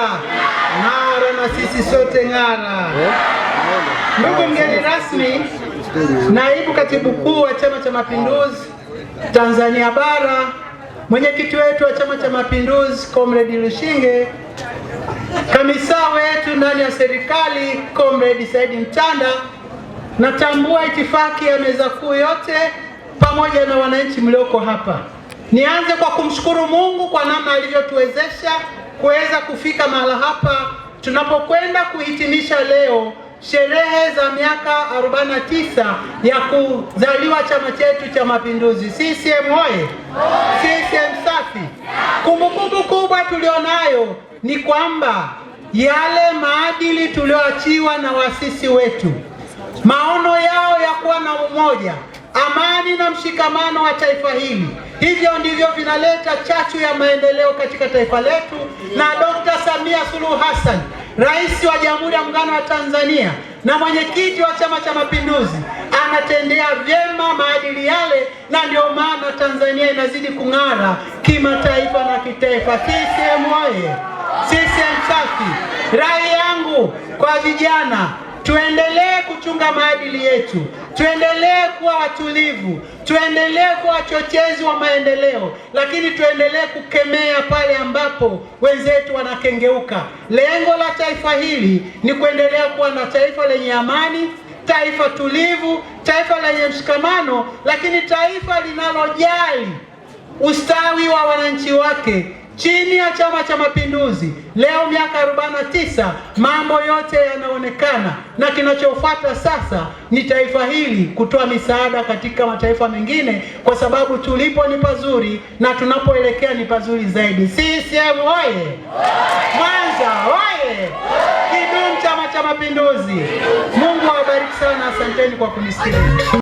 ng'ara, ng'ara na sisi sote ng'ara. Ndugu mgeni rasmi, naibu katibu kuu wa Chama cha Mapinduzi Tanzania Bara, mwenyekiti wetu wa Chama cha Mapinduzi Comrade Lushinge, kamisa wetu ndani ya serikali Comrade Saidi Mtanda, natambua itifaki ya meza kuu yote pamoja na wananchi mlioko hapa. Nianze kwa kumshukuru Mungu kwa namna alivyotuwezesha kuweza kufika mahala hapa tunapokwenda kuhitimisha leo sherehe za miaka 49 ya kuzaliwa chama chetu cha Mapinduzi, CCM oye! CCM safi! Kumbukumbu kubwa tulionayo ni kwamba yale maadili tulioachiwa na waasisi wetu, maono yao ya kuwa na umoja, amani na mshikamano wa taifa hili, hivyo ndivyo vinaleta chachu ya maendeleo katika taifa letu na Dr. Samia Suluhu Hassan, rais wa Jamhuri ya Muungano wa Tanzania na mwenyekiti wa Chama cha Mapinduzi, anatendea vyema maadili yale, na ndio maana Tanzania inazidi kung'ara kimataifa na kitaifa. CCM oye! CCM safi! Rai yangu kwa vijana tuende tuendelee kuchunga maadili yetu, tuendelee kuwa watulivu, tuendelee kuwa wachochezi wa maendeleo, lakini tuendelee kukemea pale ambapo wenzetu wanakengeuka. Lengo la taifa hili ni kuendelea kuwa na taifa lenye amani, taifa tulivu, taifa lenye mshikamano, lakini taifa linalojali ustawi wa wananchi wake chini ya Chama cha Mapinduzi leo miaka 49, mambo yote yanaonekana, na kinachofuata sasa ni taifa hili kutoa misaada katika mataifa mengine, kwa sababu tulipo ni pazuri na tunapoelekea ni pazuri zaidi. CCM oye! Mwanza oye! Kidumu Chama cha Mapinduzi! Mungu awabariki sana, asanteni kwa kunisikiliza.